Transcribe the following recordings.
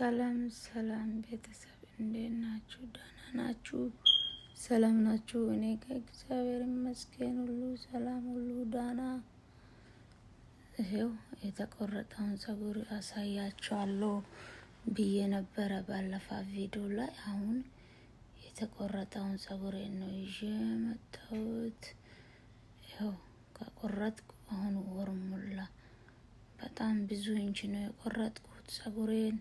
ሰላም ሰላም ቤተሰብ እንዴት ናችሁ? ደህና ናችሁ? ሰላም ናችሁ? እኔ ከእግዚአብሔር ይመስገን ሁሉ ሰላም፣ ሁሉ ደህና። ይሄው የተቆረጠውን ጸጉር አሳያችኋለሁ ብዬ ነበረ ባለፋ ቪዲዮ ላይ። አሁን የተቆረጠውን ጸጉር ነው ይዤ መጣሁት። ይኸው ከቆረጥኩ አሁን ወር ሙላ። በጣም ብዙ ኢንች ነው የቆረጥኩት ጸጉሬን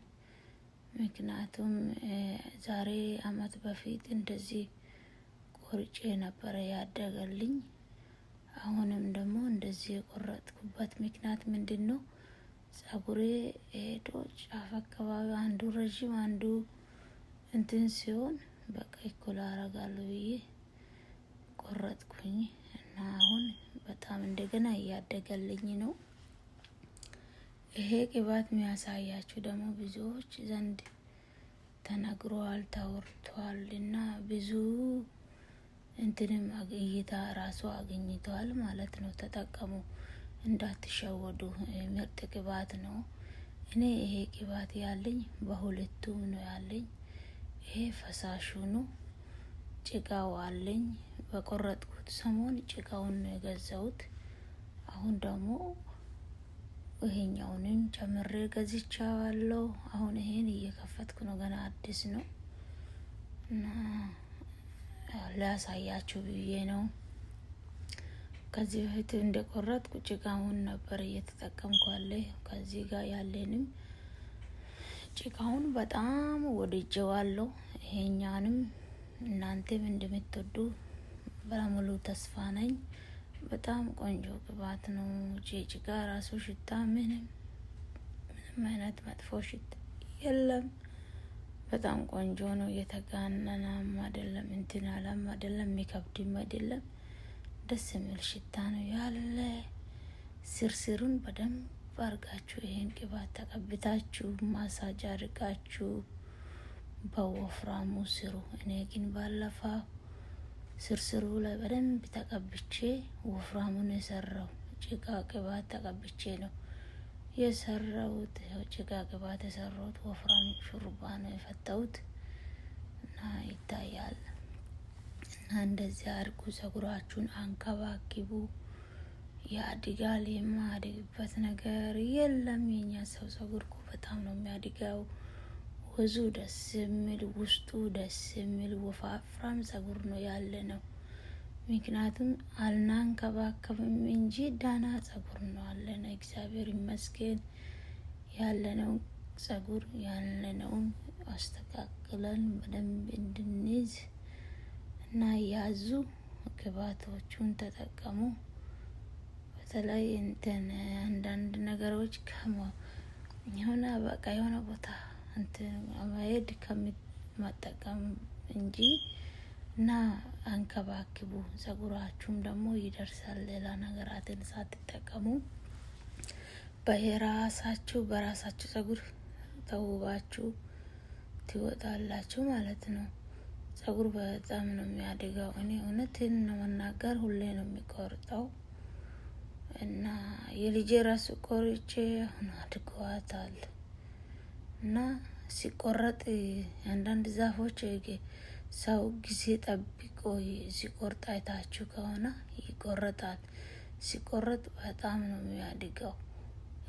ምክንያቱም ዛሬ አመት በፊት እንደዚህ ቆርጬ ነበረ ያደገልኝ። አሁንም ደግሞ እንደዚህ የቆረጥኩበት ምክንያት ምንድን ነው? ጸጉሬ ሄዶ ጫፍ አካባቢ አንዱ ረዥም አንዱ እንትን ሲሆን በቃ እኩል አረጋለሁ ብዬ ቆረጥኩኝ እና አሁን በጣም እንደገና እያደገልኝ ነው። ይሄ ቅባት የሚያሳያችሁ ደግሞ ብዙዎች ዘንድ ተነግሯል ተወርቷል እና ብዙ እንትንም እይታ ራሱ አግኝተዋል ማለት ነው። ተጠቀሙ፣ እንዳትሸወዱ። ምርጥ ቅባት ነው። እኔ ይሄ ቅባት ያለኝ በሁለቱም ነው ያለኝ። ይሄ ነው። ጭቃው አለኝ። በቆረጥኩት ሰሞን ጭቃውን ነው የገዛሁት። አሁን ደግሞ ይሄኛውንም ጨምሬ ገዝቻለሁ። አሁን ይሄን እየከፈትኩ ነው፣ ገና አዲስ ነው እና ብዬ ነው። ከዚህ በፊት እንደቆረጥኩ ጭቃውን ነበር እየተጠቀምኳለ ከዚህ ጋር ያለንም ጭቃውን በጣም ወድጀዋለሁ። ይሄኛንም እናንተም እንደምትወዱ በሙሉ ተስፋ ነኝ። በጣም ቆንጆ ቅባት ነው። ጋር ራሱ ሽታ ምንም ምንም አይነት መጥፎ ሽታ የለም። በጣም ቆንጆ ነው። የተጋነናም አይደለም፣ እንትን አላም አይደለም፣ የሚከብድም አይደለም። ደስ የሚል ሽታ ነው ያለ። ስርስሩን በደንብ አርጋችሁ ይሄን ቅባት ተቀብታችሁ ማሳጅ አድርጋችሁ በወፍራሙ ስሩ። እኔ ግን ባለፋ ስርስሩ ላይ በደንብ ተቀብቼ ወፍራሙን የሰራው ጭቃ ቅባት ተቀብቼ ነው የሰራውት። ጭቃ ቅባት የሰራውት ወፍራም ሹሩባ ነው የፈታውት እና ይታያል። እና እንደዚህ አድርጉ። ጸጉራችሁን አንከባክቡ። ያድጋል። የማያድግበት ነገር የለም። የኛ ሰው ጸጉር እኮ በጣም ነው የሚያድገው። ወዙ ደስ የሚል ውስጡ ደስ የሚል ወፋፍራም ጸጉር ነው ያለ ነው። ምክንያቱም አልናንከባከብም እንጂ ዳና ጸጉር ነው ያለ ነው። እግዚአብሔር ይመስገን ያለ ነው ጸጉር ያለ ያለነውን አስተካክለን በደንብ እንድንይዝ እና ያዙ ግባቶቹን ተጠቀሙ። በተለይ እንትን አንዳንድ ነገሮች ከሞ የሆነ በቃ የሆነ ቦታ መሄድ ከመጠቀም እንጂ እና አንከባክቡ። ጸጉራችሁም ደግሞ ይደርሳል። ሌላ ነገራትን ሳትጠቀሙ በራሳችሁ በራሳችሁ ጸጉር ተውባችሁ ትወጣላችሁ ማለት ነው። ጸጉር በጣም ነው የሚያድገው። እኔ እውነትን ነው መናገር ሁሌ ነው የሚቆርጠው እና የልጄ ራሱ ቆርጬ አሁን አድገዋታል። እና ሲቆረጥ አንዳንድ ዛፎች ሰው ጊዜ ጠብቆ ሲቆርጥ አይታችሁ ከሆነ ይቆረጣል። ሲቆረጥ በጣም ነው የሚያድገው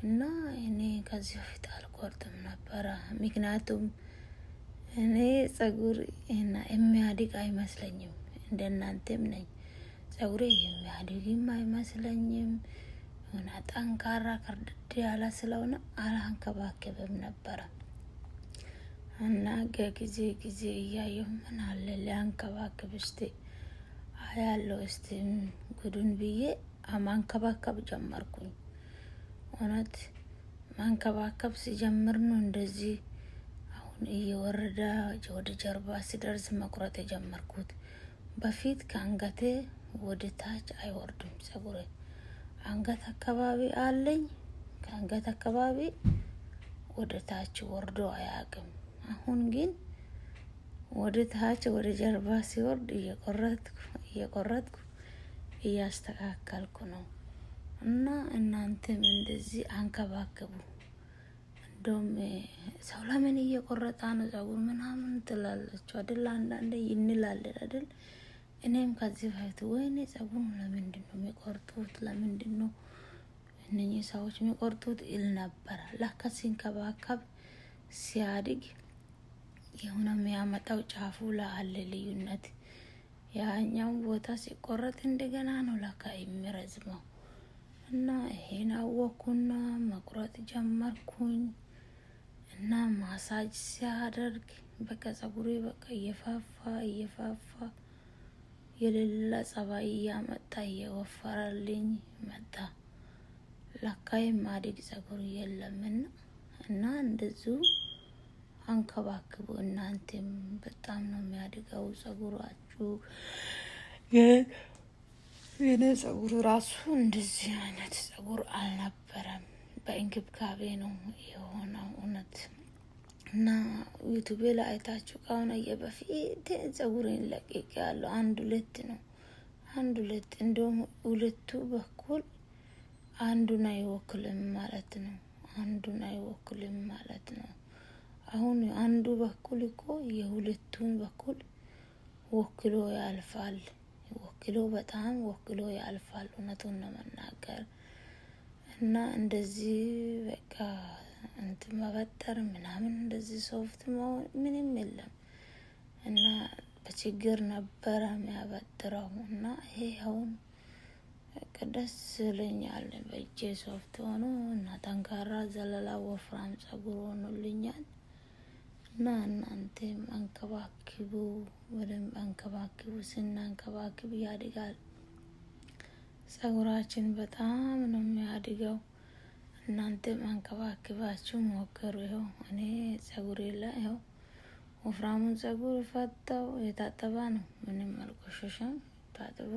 እና እኔ ከዚህ በፊት አልቆርጥም ነበረ። ምክንያቱም እኔ ጸጉር የሚያድግ አይመስለኝም። እንደናንተም ነኝ። ጸጉሬ የሚያድግም አይመስለኝም። ሆና ጠንካራ ከርድድ ያለ ስለሆነ አላንከባከብም ነበረ እና ከጊዜ ጊዜ እያየሁ ምን አለ ሊያንከባከብ እስቲ አያለው እስቲ ጉዱን ብዬ ማንከባከብ ጀመርኩኝ። እውነት ማንከባከብ ሲጀምር ነው እንደዚህ አሁን እየወረደ ወደ ጀርባ ሲደርስ መቁረጥ የጀመርኩት። በፊት ከአንገቴ ወደ ታች አይወርድም ጸጉሬ። አንገት አካባቢ አለኝ። ከአንገት አካባቢ ወደ ታች ወርዶ አያቅም። አሁን ግን ወደ ታች ወደ ጀርባ ሲወርድ እየቆረጥኩ እየቆረጥኩ እያስተካከልኩ ነው እና እናንተም እንደዚህ አንከባከቡ። እንደውም ሰው ለምን እየቆረጣ ነው ጸጉር ምናምን ትላላችሁ አደል? አንዳንዴ ይንላለን አደል? እኔም ከዚህ በፊት ወይኔ ጸጉሩን ለምንድን ነው የሚቆርጡት? ለምንድን ነው እነኚህ ሰዎች የሚቆርጡት ይል ነበረ። ለካ ሲንከባከብ ሲያድግ የሆነ የሚያመጣው ጫፉ ላለ ልዩነት። ያኛው ቦታ ሲቆረጥ እንደገና ነው ለካ የሚረዝመው። እና ይሄን አወኩና መቁረጥ ጀመርኩኝ። እና ማሳጅ ሲያደርግ በቃ ጸጉሬ በቃ እየፋፋ እየፋፋ የሌላ ጸባይ እያመጣ እየወፈረልኝ መጣ። ለካ የማድግ ጸጉር የለምና እና እንደዙ አንከባክቡ። እናንተም በጣም ነው የሚያድገው ጸጉራችሁ። የኔ ጸጉር ራሱ እንደዚህ አይነት ጸጉር አልነበረም። በእንክብካቤ ነው የሆነው እውነት እና ዩቱቤ ላይ አይታችሁ ከአሁን በፊት ጸጉሬን ለቅቅ ያለ አንድ ሁለት ነው። አንድ ሁለት እንደውም ሁለቱ በኩል አንዱን አይወክልም ማለት ነው። አንዱን አይወክልም ማለት ነው። አሁን አንዱ በኩል እኮ የሁለቱን በኩል ወክሎ ያልፋል። ወክሎ በጣም ወክሎ ያልፋል። እውነቱን ለመናገር እና እንደዚህ በቃ እንትን መበጠር ምናምን እንደዚህ ሶፍት መሆን ምንም የለም እና በችግር ነበረ የሚያበጥረው እና ይሄ አሁን ደስ ይለኛል። በእጄ ሶፍት ሆኖ እና ጠንካራ ዘለላ ወፍራም ጸጉር ሆኖልኛል። እና እናንተም አንከባክቡ፣ በደንብ አንከባክቡ። ስናንከባክብ ያድጋል። ጸጉራችን በጣም ነው የሚያድገው። እናንተም አንከባክባችሁ ሞከሩ። ይኸው እኔ ጸጉሬ ላይ ይኸው ወፍራሙን ጸጉር ፈታው። የታጠባ ነው፣ ምንም አልቆሸሸም። ታጥቦ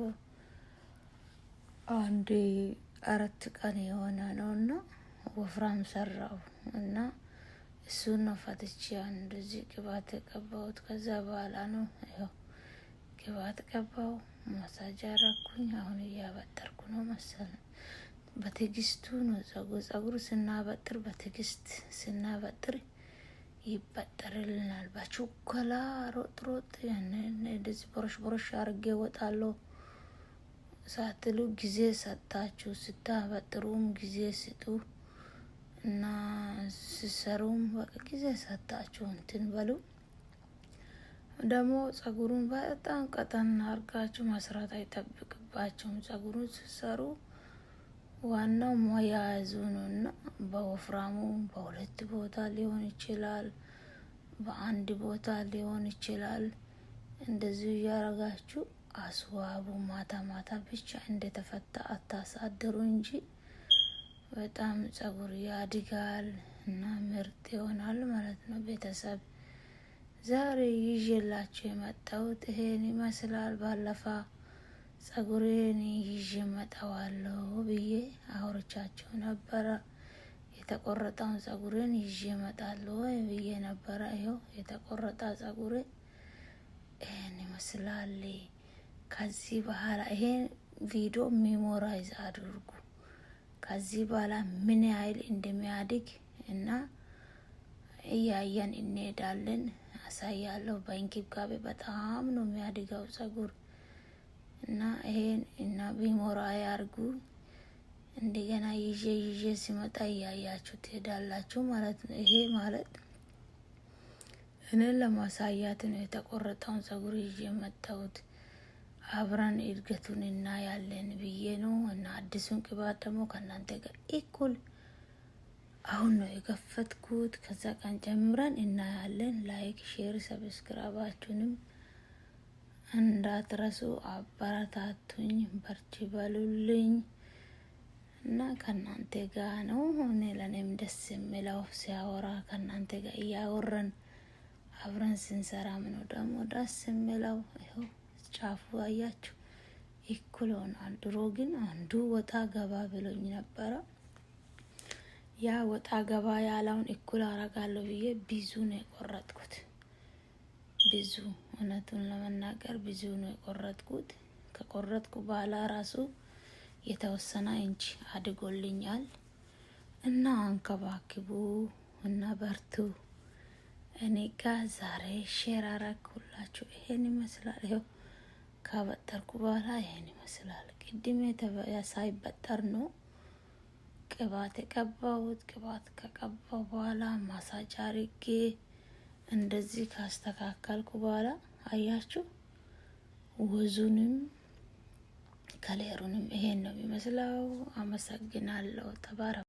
አንድ አራት ቀን የሆነ ነው እና ወፍራም ሰራው እና እሱን ነው ፈትቼ እንደዚህ ቅባት ቀባሁት። ከዛ በኋላ ነው ይኸው ቅባት ቀባው፣ ማሳጅ አረኩኝ። አሁን እያበጠርኩ ነው መሰለኝ በትዕግስቱ ነው ጸጉር ስናበጥር በትዕግስት ስናበጥር ይበጠርልናል። በችኮላ ሮጥ ሮጥ እንደዚህ ቦረሽ ቦረሽ አርጌ ወጣለሁ ሳትሉ ጊዜ ሰጥታችሁ ስታበጥሩም ጊዜ ስጡ እና ስሰሩም በቃ ጊዜ ሰጥታችሁ እንትን በሉ። ደግሞ ጸጉሩን በጣም ቀጠን አርጋችሁ መስራት አይጠብቅባችሁም። ጸጉሩን ስሰሩ ዋናው ሙያ ያዙ ነው እና በወፍራሙ በሁለት ቦታ ሊሆን ይችላል፣ በአንድ ቦታ ሊሆን ይችላል። እንደዚሁ እያረጋችሁ አስዋቡ። ማታ ማታ ብቻ እንደተፈታ አታሳድሩ እንጂ በጣም ጸጉር ያድጋል እና ምርጥ ይሆናል ማለት ነው። ቤተሰብ ዛሬ ይዤላችሁ የመጣሁት ይሄን ይመስላል ባለፋ ጸጉሬን ይዤ መጣዋለሁ ብዬ አውርቻቸው ነበረ። የተቆረጠውን ጸጉሬን ይዤ እመጣለሁ ወይ ብዬ ነበረ። ይኸው የተቆረጠ ጸጉሬ ይህን ይመስላል። ከዚህ በኋላ ይሄን ቪዲዮ ሚሞራይዝ አድርጉ። ከዚህ በኋላ ምን ያህል እንደሚያድግ እና እያየን እንሄዳለን። አሳያለሁ። በእንክብካቤ በጣም ነው የሚያድገው ጸጉር። እና ይሄን እና ቢሞራ ያርጉ። እንደገና ይዤ ይዤ ሲመጣ እያያችሁ ትሄዳላችሁ ማለት ነው። ይሄ ማለት እኔ ለማሳያት ነው የተቆረጠውን ጸጉር ይዤ መጣሁት። አብረን እድገቱን እና ያለን ብዬ ነው። እና አዲሱን ቅባት ደግሞ ከእናንተ ጋር ኢኩል አሁን ነው የከፈትኩት። ከዛ ቀን ጀምረን እናያለን። ላይክ ሼር፣ ሰብስክራይባችሁንም እንዳትረሱ አበረታቱኝ፣ በርቺ በሉልኝ እና ከእናንተ ጋ ነው። እኔ ለእኔም ደስ የሚለው ሲያወራ ከእናንተ ጋር እያወረን አብረን ስንሰራ ምኖ ደግሞ ደስ የሚለው ይኸው ጫፉ አያችሁ እኩል ሆኗል። ድሮ ግን አንዱ ወጣ ገባ ብሎኝ ነበረ። ያ ወጣ ገባ ያለውን እኩል አረጋለሁ ብዬ ብዙ ነው የቆረጥኩት ብዙ እውነቱን ለመናገር ብዙ ነው የቆረጥኩት። ከቆረጥኩ በኋላ ራሱ የተወሰነ እንጂ አድጎልኛል እና አንከባክቡ እና በርቱ። እኔ ጋ ዛሬ ሼር አረኩላችሁ። ይሄን ይመስላል። ይኸው ካበጠርኩ በኋላ ይሄን ይመስላል። ቅድም ሳይበጠር ነው ቅባት የቀባሁት። ቅባት ከቀባው በኋላ ማሳጅ አርጌ እንደዚህ ካስተካከልኩ በኋላ አያችሁ ወዙንም ከሌሩንም ይሄን ነው የሚመስለው። አመሰግናለሁ ተባረ